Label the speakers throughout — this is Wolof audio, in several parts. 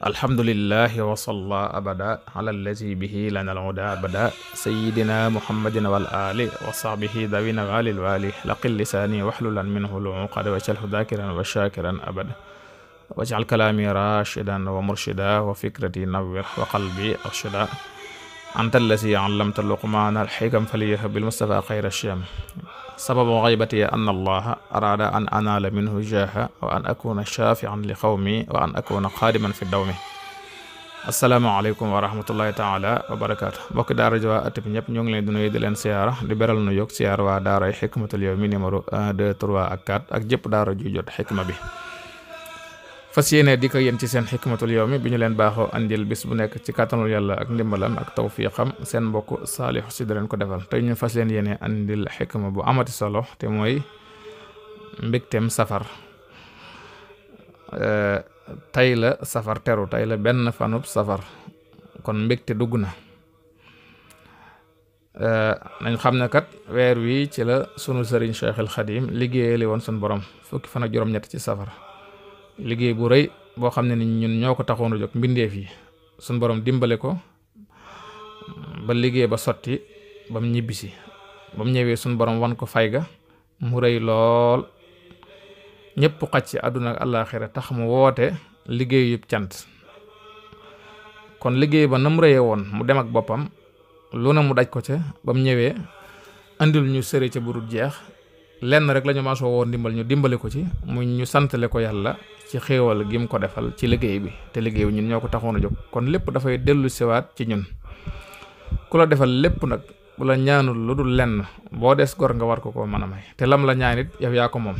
Speaker 1: alhamdulilahi wasalla abada ala allazi bihi lana alhuda abada sayidina muhammadin wal ali wa sahbihi dawina walil wali laqil lisaani waxlulan minhu luqad waj'alhu dhakiran wa shakiran abada waj'al kalaami rashidan wa murshida wa fikrati nawwir wa qalbi arshida anta allazi allamta luqmaana alxikam faliyah bilmustafa xayra shiyam sababu xaybatiya ann allaha araada an anaala minhu jaha wa an akuna shafian li xawmi wa an akuna xaadiman fi dawmi asalaamaaleykum wa rahmatullahi taala wa barakaatu mbokki daara ji waa at bi ñëpp ñoo ngi leen di nuyu di leen siyaara di beral nu yokk siyaar waa daaray xikmatul yawmi numéro 1 2 3 ak 4 ak jëpp daara ju jot xikma bi fas yéene di ko yéen ci seen xikmatul yawmi bi ñu leen baaxoo andil bis bu nekk ci kàttanul yàlla ak ndimbalam ak tawfiqam seen mbokk Saliou Sy da leen ko defal tey ñu fas leen yéene andil xikma bu amati solo te mooy mbégteem safar euh, tey la safar teru tey la benn fanub safar kon mbégte dugg na euh, nañ xam ne kat weer wii ci la sunu sëriñ Cheikhul Xadim liggéeyali woon sunu borom fukki fan ak juróom ci safar liggéey bu rëy boo xam ne ni ñun ñoo ko taxoon a jóg mbindeef yi suñ boroom dimbale ko ba liggéey ba sotti ba mu ñibbisi ba mu ñëwee suñ borom wan ko fay ga mu rëy lool ñëpp xaj ci àdduna ak àllaaxira tax mu woote liggéey yëpp cant kon liggéey ba na mu rëyee woon mu dem ak boppam lu ne mu daj ko ca ba mu ñëwee indil ñu sëre ca burut jeex lenn rek lañu ñu maasoo ndimbal ñu dimbali ko ci mu ñu santale ko yàlla ci xéewal gi mu ko defal ci liggéey bi te liggéey bi ñun ñoo ko taxoon a jóg kon lépp dafay dellu siwaat ci ñun ku la defal lépp nag bu la lu dul lenn boo des gor nga war ko ko mën a may te lam la ñaan it yaa ko moom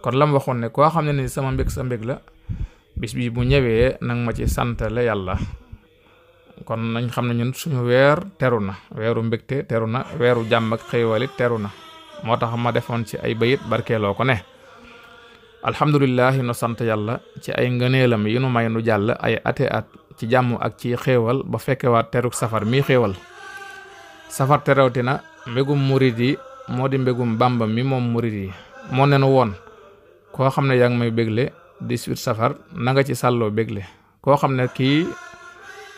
Speaker 1: kon lam waxoon ne koo xam ne ni sama mbég sa mbég la bis bi bu ñëwee nag ma ci santale yàlla kon nañ xam ne ñun suñu weer teru na weeru mbégte teru na weeru jàmm ak it teru na moo tax ma defoon ci ay bayit barkeeloo ko ne alhamdulilahi nu sant yàlla ci ay ngëneelam yi nu may nu jàll ay ate at ci jàmm ak ci xéewal ba fekkewaat teruk safar mi xéewal safar terewti na mbégum murit yi moo di mbegum bàmba mi moom murit yi moo nenu woon koo xam ne yaa ngi may bégle 18 safar na nga ci sàlloo bégle koo xam ne kii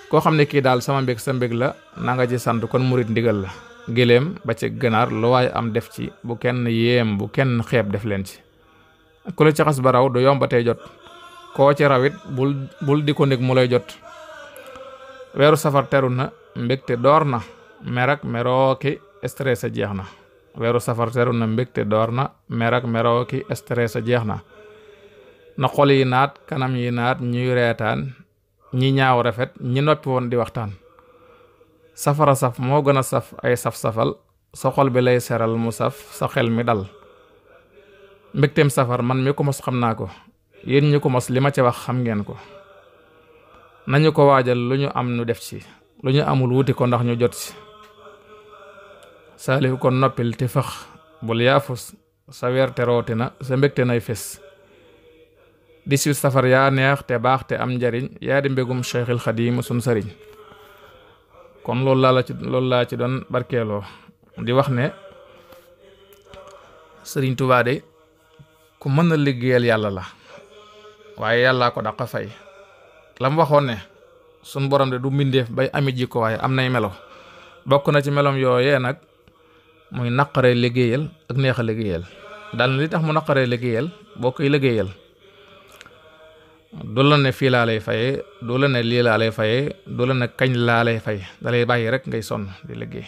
Speaker 1: koo xam ne kii daal sama mbég sa mbég la na nga ci sant kon murit ndigal la gëléem ba ca ganaar lu waay am def ci bu kenn yéem bu kenn xeeb def leen ci ku la ci xas ba raw du yombatee jot koo ci rawit bul bul di ko ndég mu lay jot weeru safar teru na mbégte door na merak merooki stress a jeex na weeru safar teru na mbégte door na merak merooki stress a jeex na na xol yi naat kanam yi naat ñuy reetaan ñi ñaaw rafet ñi noppi woon di waxtaan safara saf moo gën a saf ay saf-safal sa xol bi lay seral mu saf sa xel mi dal mbégteem safar man mi ko mos xam naa ko yéen ñi ko mos li ma ci wax xam ngeen ko nañu ko waajal lu ñu am nu def ci lu ñu amul wuti ko ndax ñu jot ci saalihu kon noppil te fëx bul yaafus sa weer te rooti na sa mbégte nay fés di huit safar yaa neex te baax te am njariñ yaa di mbégum Cheikhul Xadim sun sëriñ kon loolu laa la ci loolu laa ci doon barkeeloo di wax ne sëriñ Tuubaa ku mën a liggéeyal yàlla la waaye yàllaa ko daq fay lam waxoon ne suñ borom de du mbindeef bay ami jikko waaye am nay melo bokk na ci melom yooyee nag muy naqaree liggéeyal ak neex a liggéeyal daal na li tax mu naqaree liggéeyal boo koy liggéeyal du la ne fii laa lay faye du la ne lii laa faye du la ne kañ laa fay dalay bàyyi rek ngay sonn di liggéey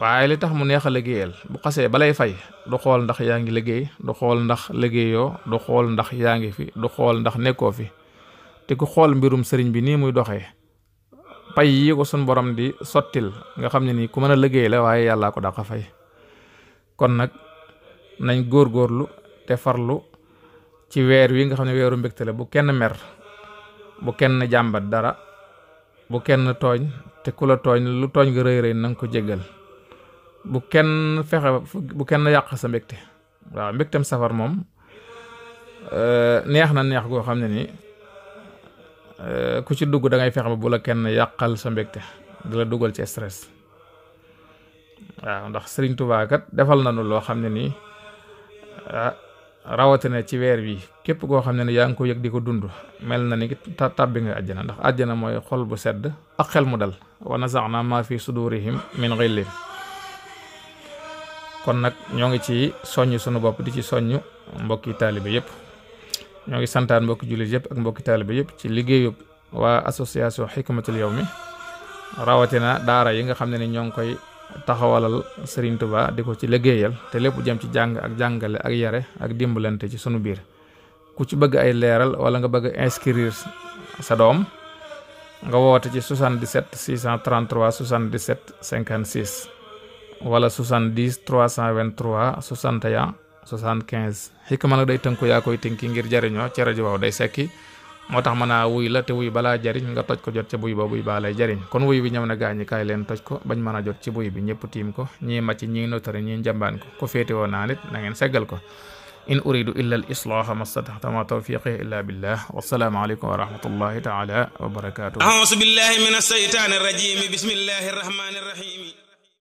Speaker 1: waaye li tax mu neex a liggéeyal bu xasee balay fay du xool ndax yaa ngi liggéey du xool ndax liggéeyoo du xool ndax yaa ngi fi du xool ndax nekkoo fi te ku xool mbirum sëriñ bi nii muy doxee pay yi ko suñ borom di sottil nga xam ne nii ku mën a liggéey la waaye yàllaa ko daqa fay kon nag nañ góorgóorlu te farlu ci weer wi nga xam ne weeru mbégte la bu kenn mer bu kenn jàmbat dara bu kenn tooñ te ku la tooñ lu tooñ nga rëy rëy na ko jéggal bu kenn fexe bu kenn yàq sa mbégte waaw mbégtem safar moom euh, neex na neex goo xam ne ni euh, ku ci dugg dangay fexe ba bu la kenn yàqal sa mbégte di la dugal ci stress waaw ndax Sëriñ Tuubaa kat defal nañu loo xam ne nii ah, rawatina ci weer wi képp koo xam ne ne yaa ngi ko yëg di ko dund mel na ni ta tàbbi nga àjjana ndax ajjana mooy xol bu sedd ak xel mu dal sax na ma fi sudurihim min xillin kon nag ñoo ngi ci soñ sunu bopp di ci soññ mbokki taalibe yëpp ñoo ngi santaan mbokki jullit yëpp ak mbokki taalibe yëpp ci liggéeyu waa association xikmatul yawmi rawatina daara yi nga xam ne ni ñoo ngi koy taxawalal Serigne Touba di ko ci liggéeyal te lépp jëm ci jàng ak jàngale ak yare ak dimbalante ci sunu biir ku ci bëgg ay leeral wala nga bëgg inscrire sa doom nga woote ci 77 633 77 56 wala 70 323 61 75 xikma nga day tënku yaa koy tënki ngir jariñoo ci rajo waaw day sekki moo tax mën a wuy la te wuy balaa jariñ nga toj ko jot ca buy ba buy baa jariñ kon wuy bi ñëw na gaañi kaay leen toj ko bañ mën a jot ci buy bi ñëpp tiim ko ñii macc ñii notari ñii njambaan ko ku féete woo naa nit na ngeen seggal ko in uridu illa al islaha mastataxta ma tawfiqi illa billah wasalaamu aleykum wa rahmatullahi taala wa barakatuh